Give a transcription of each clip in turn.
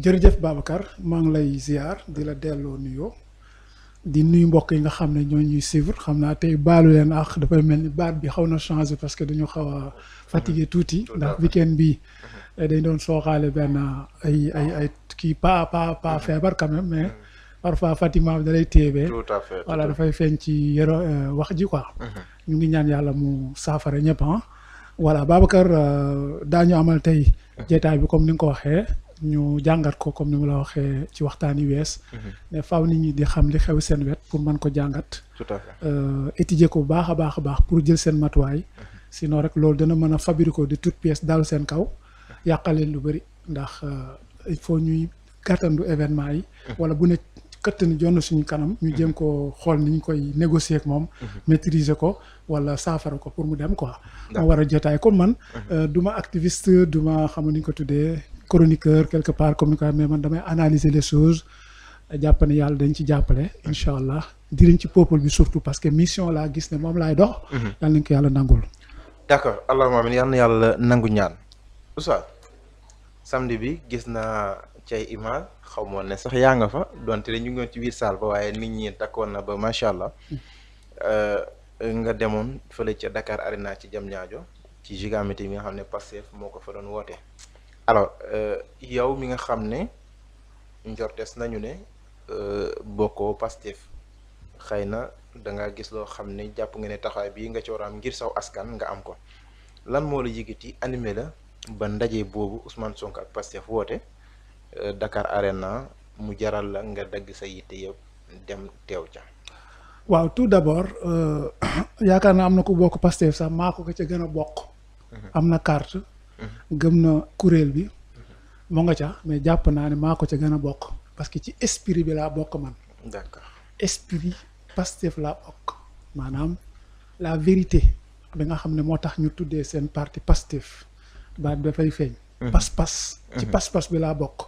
jërëjëf Babacar maa ngi lay ziar di la delloo nuyoo di nuyu mbokk yi nga xam ne ñoo ñuy xam naa tey baalu leen ak dafay mel ni baat bi xaw na changé parce que dañu xawa a tuuti ndax weekend bi mm-hmm. eh, dañ doon sooxaale benn ay ay ay kii pas pas pas mm-hmm. feebar quand même mais mm-hmm. parfois Fatima bi da lay téebee dafay feeñ ci yëro euh, wax ji quoi ñu ngi ñaan yàlla mu saafara ñëpp ah. voilà Babacar euh, daañu amal tey jeetaay bi comme ni nga ko waxee ñu jàngat ko comme ni mu la waxee ci waxtaan yu wees. Mhm. ne faaw nit ñi di xam li xew seen wet pour man ko jàngat. tout à fait euh, étudier ko baax a baax a baax pour jël seen matuwaay. si mhm. sinon rek loolu dana mën a fabriquer di toutes pièces daal seen kaw yàqaleen lu bëri ndax euh, il faut ñuy gàttandu événement yi. Mhm. wala bu ne këtt ni jonn suñu kanam. ñu jéem ko xool ni ñu koy négocier moom. maîtriser ko wala saafara ko pour mu dem quoi. ma war a jotaay comme man. Euh, du ma activiste du ko tuddee. chroniqueur quelque part comme ni ko mais man damay analyser les choses jàpp ne yàlla dañ ci jàppale incha allah di diriñ ci peuple bi surtout parce que mission laa gis ne moom laay dox. Mhm. yàlla nañ ko yàlla nangul. d' accord allahumma amiin yal na yàlla nangu ñaan. Oustaz samedi bi gis naa ci ay image xamoon ne sax yaa nga fa donte dañ ñu ngi ci biir saal ba waaye nit ñi takkoon na ba macha allah. Mm. Euh, nga demoon fële ca Dakar Arena ci jam ñaajo ci gigamité bi nga xam ne Pastef moo ko fa doon woote. alors euh, yow mi nga xam ne njortes nañu ne euh, bokkoo Pastef xëy na danga gis loo xam ne jàpp nga ne taxawaay bii nga ci war am ngir saw askan nga am ko lan moo la yëgiti animé la ba ndaje boobu Ousmane Sonko ak Pastef woote euh, Dakar Arena mu jaral la nga dagg sa yitte yëpp dem teew ca. waaw tout d'abord yaakaar naa am na ko bokk Pastef sax maa ko ca gën a bokk. Mhm. am na carte. gëm na kuréel bi mu nga ca mais jàpp naa ne maa ko ca gën a bokk parce que ci esprit bi laa bokk man d'accord esprit Pastef laa bokk maanaam la vérité bi nga xam ne moo tax ñu tuddee seen parti Pastef ba dafay feeñ mhm. pas-pas ci mhm. pas-pas bi laa bokk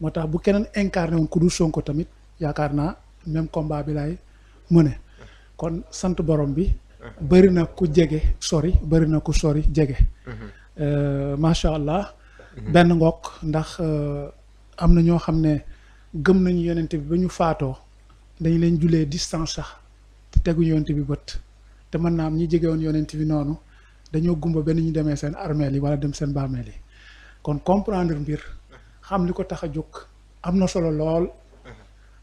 moo tax bu keneen incarné woon ku dul Sonko tamit yaakaar naa même combat bi laay mëne kon sant borom bi mhm. bëri na ku jege sori bëri na ku sori jege Euh, macha allah. benn ngook ndax euh, am na ñoo xam ne gëm nañu yonent bi ba ñu faatoo dañu leen julee distance sax te teguñu yonent bi bët te mën naa am ñi jege woon yonent bi noonu dañoo gumba benn ñu demee seen armeel yi wala dem seen bàmmeel yi kon comprendre mbir xam li ko tax a jóg am na solo lool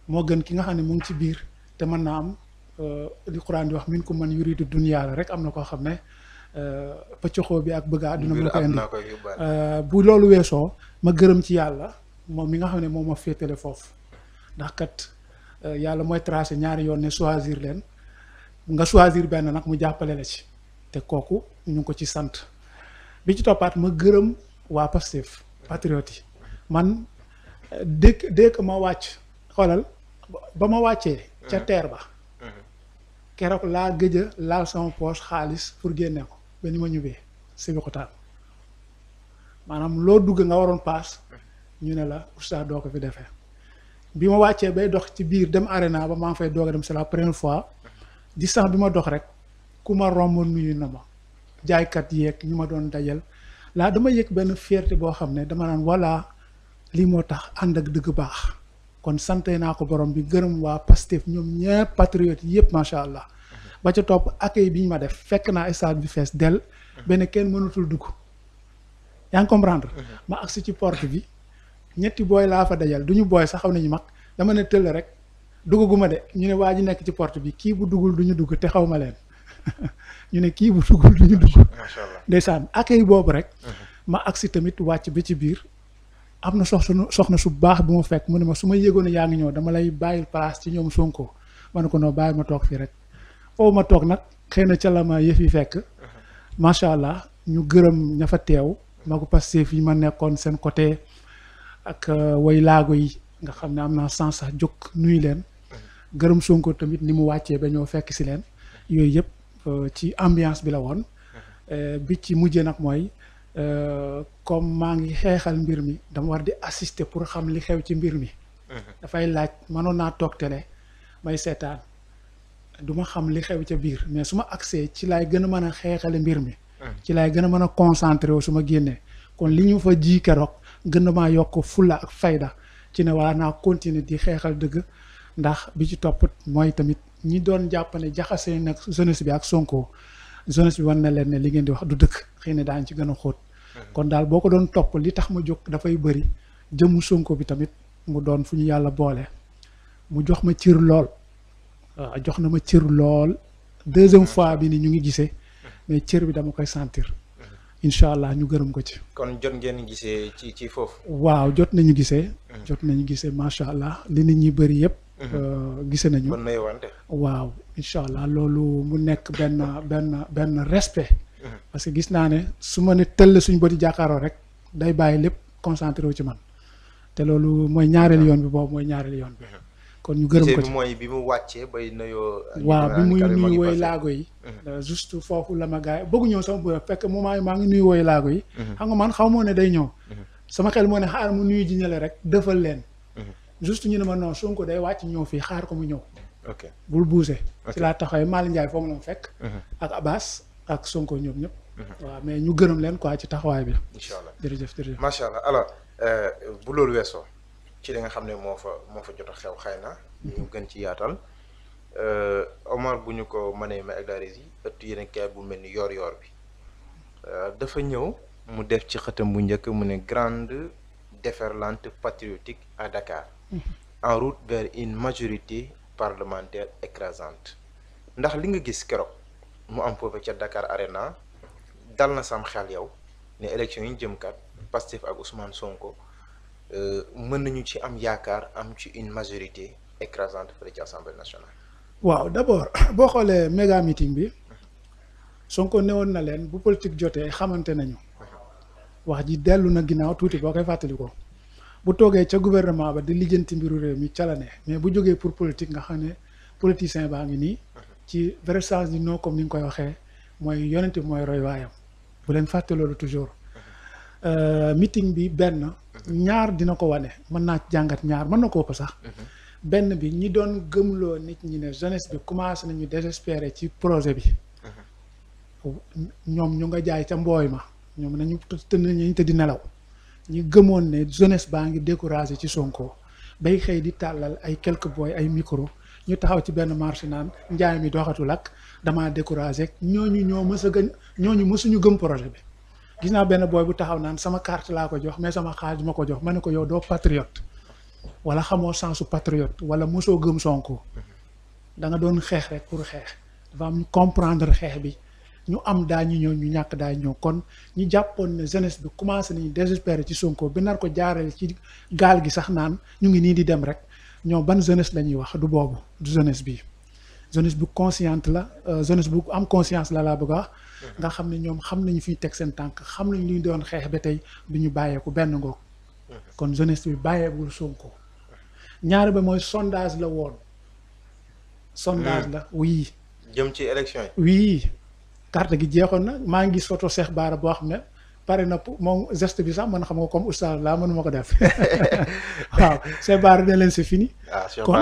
moo gën ki nga xam ne mu ngi ci biir te mën naa am euh, li Quran di wax min ko man yuridu dunya la rek am na koo xam ne Euh, pëccoxoo bi ak bëgg a àdduna mu ko indi euh, bu loolu weesoo ma gërëm ci yàlla moom mi nga xam ne moom ma féetale foofu ndax kat euh, yàlla mooy tracé ñaari yoon ne choisir leen nga choisir benn nag mu jàppale la ci te kooku ñu ngi ko ci sant bi ci toppaat ma gërëm waa Pastef patriote yi man dëkk dëkk ma wàcc xoolal ba ma wàccee ca teer ba keroog laa gëj a laal sama poche xaalis pour génne ko ba ni ma ñëwee Sébikotane maanaam loo dugg nga waroon paas ñu ne la oustaz doo ko fi defee bi ma wàccee bay dox ci biir dem arena ba maa ngi fay doog dem c'est la première fois distance bi ma dox rek ku ma romb nuyu na ma jaaykat yeeg ñu ma doon dajal laa dama yëg benn fierté boo xam ne dama naan voilà lii moo tax ànd ak dëgg baax kon sante naa ko borom bi gërëm waa Pastef ñoom ñëpp patriote yëpp macha allah. ba ca topp accueil bi ñu ma def fekk naa stade bi fees dell benn kenn mënatul dugg yaa comprendre mhm. ma agsi ci port bi ñetti booy laa fa dajal duñu booy sa xaw nañu mag dama ne tëll rek duggaguma de ñu ne waa ji nekk ci porte bi kii bu duggul du ñu dugg te xaw ma leen ñu ne kii bu duggul du ñu dugg ndeysaan accueil boobu rek mhm. ma agsi tamit wàcc bi ci biir am na sox su soxna soxna su baax bi mu fekk mu ne ma su ma yëgoon yaa ngi ñëw dama lay bàyyil place ci ñoom Sonko ma ne ko noo bàyyi ma toog fii rek foo ma toog nag xëy na ca la ma yëf yi fekk uh-huh. macha allah ñu gërëm ña fa teew ma ko fii ma nekkoon seen côté ak uh, way laago yi nga xam ne am naa sens sax jóg nuyu leen uh-huh. gërëm sunko tamit ni mu wàccee ba ñoo fekk si leen uh-huh. yooyu yëpp uh, ci ambiance bi la woon uh, bi ci mujjee nag mooy comme maa ngi xeexal mbir mi dama war di assister pour xam li xew ci mbir mi dafay laaj manoon naa toog télé may seetaan du ma xam li xew ca biir mais su ma accès ci laay gën a mën a xeexale mbir mi. Ah. ci laay gën a mën a concentré wu su génnee kon li ñu fa ji keroog gën a maa yokk fulla ak fayda ci ne waa naa continuer di xeexal dëgg ndax bi ci topp mooy tamit ñi doon jàpp ne jaxase nag jeunesse bi ak Sonko jeunesse bi wan na leen ne li ngeen di wax du dëkk xëy na daañu ci gën a xóot. Ah. kon daal boo ko doon topp li tax ma jóg dafay bëri jëmu Sonko bi tamit mu doon fu ñu yàlla boole mu jox ma cir lool. Euh, jox na ma cër lool deuxième fois bi ni ñu ngi gisee mais cër bi dama koy sentir incha allah ñu gërëm ko ci. kon jot ngeen gisee ci ci foofu. waaw jot nañu gisee. Hmm. jot nañu gisee macha allah li nit ñi bëri yëpp. Hmm. Euh, gise nañu kon wante waaw incha allah loolu mu nekk benn benn benn respet hmm. parce que gis naa ne su ma ne tëll suñu bëti jàkkaaroo rek day bàyyi lépp concentré wu ci man te loolu mooy ñaareelu yoon bi boobu mooy ñaareel yoon bi. kon ñu gërëm ko ci mooy bi mu wàccee bay nuyoo. waaw bi muy nuyu woy laago yi. Mhm. Euh, juste foofu la ma gars yi bëgg ñëw sama bu fekk moment yi maa ngi nuy woy laago yi. Mhm. xam nga man xaw moo ne day ñëw. Mhm. sama xel moo ne xaar mu nuyu ji ñële rek defal leen. juste ñu ne ma non Sonko day wàcc ñëw fii xaar ko mu ñëw. bul buuse. ci laa taxawee Malick Ndiaye foofu la ma fekk. ak Abbas ak Sonko ñoom ñëpp. waaw mais ñu gërëm leen ko quoi ci taxawaay bi. incha allah jërëjëf jërëjëf macha allah alors euh, bu loolu weesoo ci li nga xam ne moo fa moo fa jot a xew xëy na ñu gën ci yaatal euh, Omar bu ñu ko mënee ma ak la rési ëtt yéenekaay bu mel ni yoor yoor bi euh, dafa ñëw mu def ci xëtam bu njëkk mu ne grande déferlante patriotique à Dakar mm-hmm. en route vers une majorité parlementaire écrasante ndax li nga gis keroog mu am foofu ca Dakar Arena dal na sam xel yow ne élection yi ñu jëm kat Pastef ak Ousmane Sonko Euh, mën nañu ci am yaakaar am ci une majorité écrasante fële ci assemblée nationale. waaw d' abord boo xoolee méga meeting bi Sonko newoon na leen bu politique jotee xamante nañu wax ji dellu na ginnaaw tuuti boo koy fàttali bu toogee ca gouvernement ba di lijjanti mbiru réew mi ca la ne mais bu jógee pour politique nga xam ne politicien baa ngi nii ci vrai sens du non comme ni nga koy waxee mooy yonent bi mooy roy waayam bu leen fàtte loolu toujours euh, meeting bi benn. ñaar dina ko wane mën naa jàngat ñaar mën na ko ëpp sax. Mhm. benn bi ñi doon gëmloo nit ñi ne jeunesse bi commencé nañu désespéré ci projet bi. Mhm. ñoom ñu nga jaay ca mbooy ma ñoom nañu tëdd nañu tëdd nelaw ñu gëmoon ne jeunesse baa ngi découragé ci Sonko bay xëy di tàllal ay quelques boy ay micro ñu taxaw ci benn marché naan njaay mi doxatul ak damaa découragé ñooñu ñoo mës a gën ñooñu mësuñu gëm projet bi. gis naa benn booy bu taxaw naan sama carte laa ko jox mais sama xaalis ma ko jox ma ne ko yow doo patriote wala xamoo su patriote wala mosoo gëm Sonko da nga doon xeex rek pour xeex dafa am ñu comprendre xeex bi ñu am daañu ñu ñëw ñu ñàkk daa ñëw kon ñu jàppoon ne jeunesse bi commencé nañu désespérer ci Sonko bi nar ko jaarale ci gaal gi sax naan ñu ngi nii di dem rek ñoo ban jeunesse la ñuy wax du boobu du jeunesse bi jeunesse bu consciente la euh, jeunesse bu am conscience la laa bëgg a nga xam ne ñoom xam nañu fiy teg seen tànk xam nañ luy doon xeex ba tey bu ñu bàyyeeku benn ngoog kon jeunesse bi bàyyeegul ko ñaar ba mooy sondage la woon sondage la oui. jëm ci élection yi oui gi jeexoon na maa ngi gis photo Cheikh boo xam ne pare na moom geste bi sax man xam nga comme oustaz laa ma ko def waaw Cheikh Bara ne leen c'est fini. Ah, kon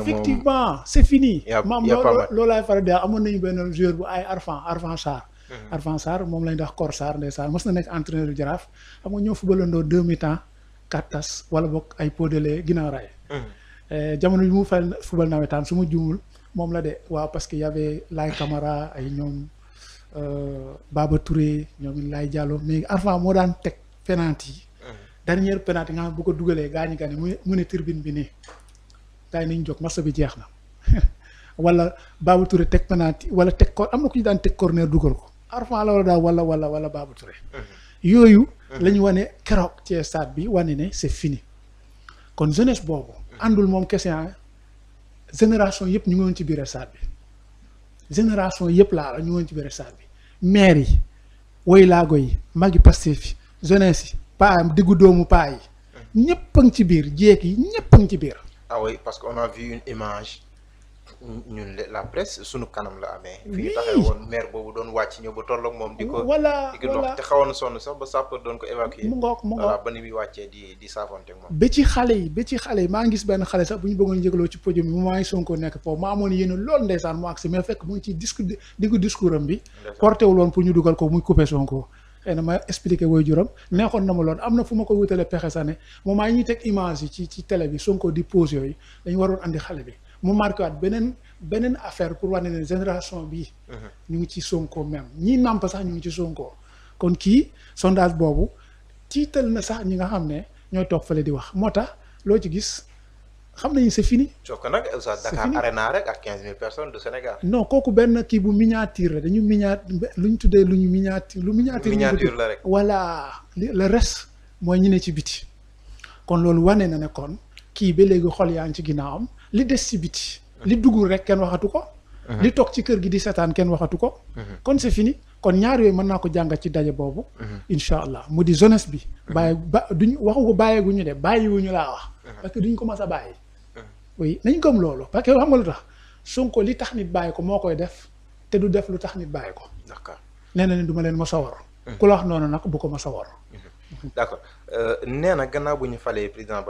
effectivement c'est fini. maam loolu loolu laay faral di amoon nañu benn joueur bu ay Arfan Arfan Sarr. Mhm. Arfan Sarr moom lañ wax Kor Sarr ndeysaan mos na nekk entraîneur du Jaraaf xam nga ñoo fubalandoo deux mi-temps quatre tas wala boog ay Podelé ginnaaw raay. Mhm. Eh, jamono bi mu fayal fubal nawetaan su ma juumul moom la de waaw parce que y avait Laye Camara ay ñoom euh, Baba Touré ñoom Laye Diallo mais Arfan moo daan teg penalty yi. Mhm. dernière penalty nga xam bu ko dugalee gaañu gaañu mu ne mu ne tribune bi nii gars yi nañu jóg match bi jeex na. wala Babou Touré teg penalty wala teg ko am na ñu daan teg corner dugal ko Arfan la war a daaw wala wala wala Babou uh-huh. yooyu. Uh-huh. la ñu wane keroog ci stade bi wane ne c'est fini kon jeunesse boobu. àndul moom kese ah. génération yëpp ñu ngi woon ci biir stade bi génération yëpp laa la ñu ngi ci biir stade bi maire yi woylaago yi magi Pastef yi jeunesse yi paa diggu doomu paa yi uh-huh. ñëpp ngi ci biir jéeg yi ñëpp a ci biir. ah oui parce que on a vu une image. ñun la presse sunu kanam la amee. fi ñu taxee woon maire boobu doon wàcc ñëw ba tolloog moom. di ko di ko te xawoon sonn sax ba sapeur doon ko évacuer. mu ngoog mu wàccee di di saafonte moom. ba xale yi ba ci xale yi maa ngi gis benn xale sax bu ñu bëggoon yëgaloo ci podium bi maa ngi Sonko nekk foofu maa amoon yéen lool ndeysaan mu agsi mais fekk mu ngi ci disque diggu bi. porté woon pour ñu dugal ko muy coupé Sonko. xëy na ma expliqué woy juram neexoon na ma lool am na fu ma ko wutale pexe sax ne moment yi ñuy teg image yi ci ci télé bi Sonko di pose yooyu dañu waroon andi bi mu marqué beneen beneen affaire pour wane ne génération bii. Uh-huh. ñu ngi ci Sonko même ñii nàmp sax ñu ngi ci Sonko. kon kii sondage boobu tiital na sax ñi nga xam ne ñooy toog fële di wax moo tax loo ci gis xam nañu c'est fini. sauf que nag Dakar Arena rek ak 15000 personnes du Sénégal. kooku benn kii bu miniature la dañu miniat lu ñu tuddee lu ñu miniature. lu miniature la rek voilà le reste mooy ñu ne ci biti. kon loolu wane na ne kon kii ba léegi xol yaa ngi ci ginnaawam. li des ci biti. li duggul rek kenn waxatu ko. Uh-huh. li toog ci kër gi di seetaan kenn waxatu ko. Uh-huh. kon c'est fini kon ñaari yooyu mën naa ko jàngat ci daje boobu. Uh-huh. incha allah mu di jeunesse bi. bàyyi ba du duñ waxu ko bàyyeeguñu de ñu laa wax. parce que duñ ko mas a bàyyi. oui nañ gëm loolu parce que xam nga lu tax Sonko li tax nit bàyyi ko moo koy def te du def lu tax nit bàyyi ko. d'accord nee na leen du ma leen mos a war. ku la wax noonu nag bu ko mos a war. d'accord euh, nee na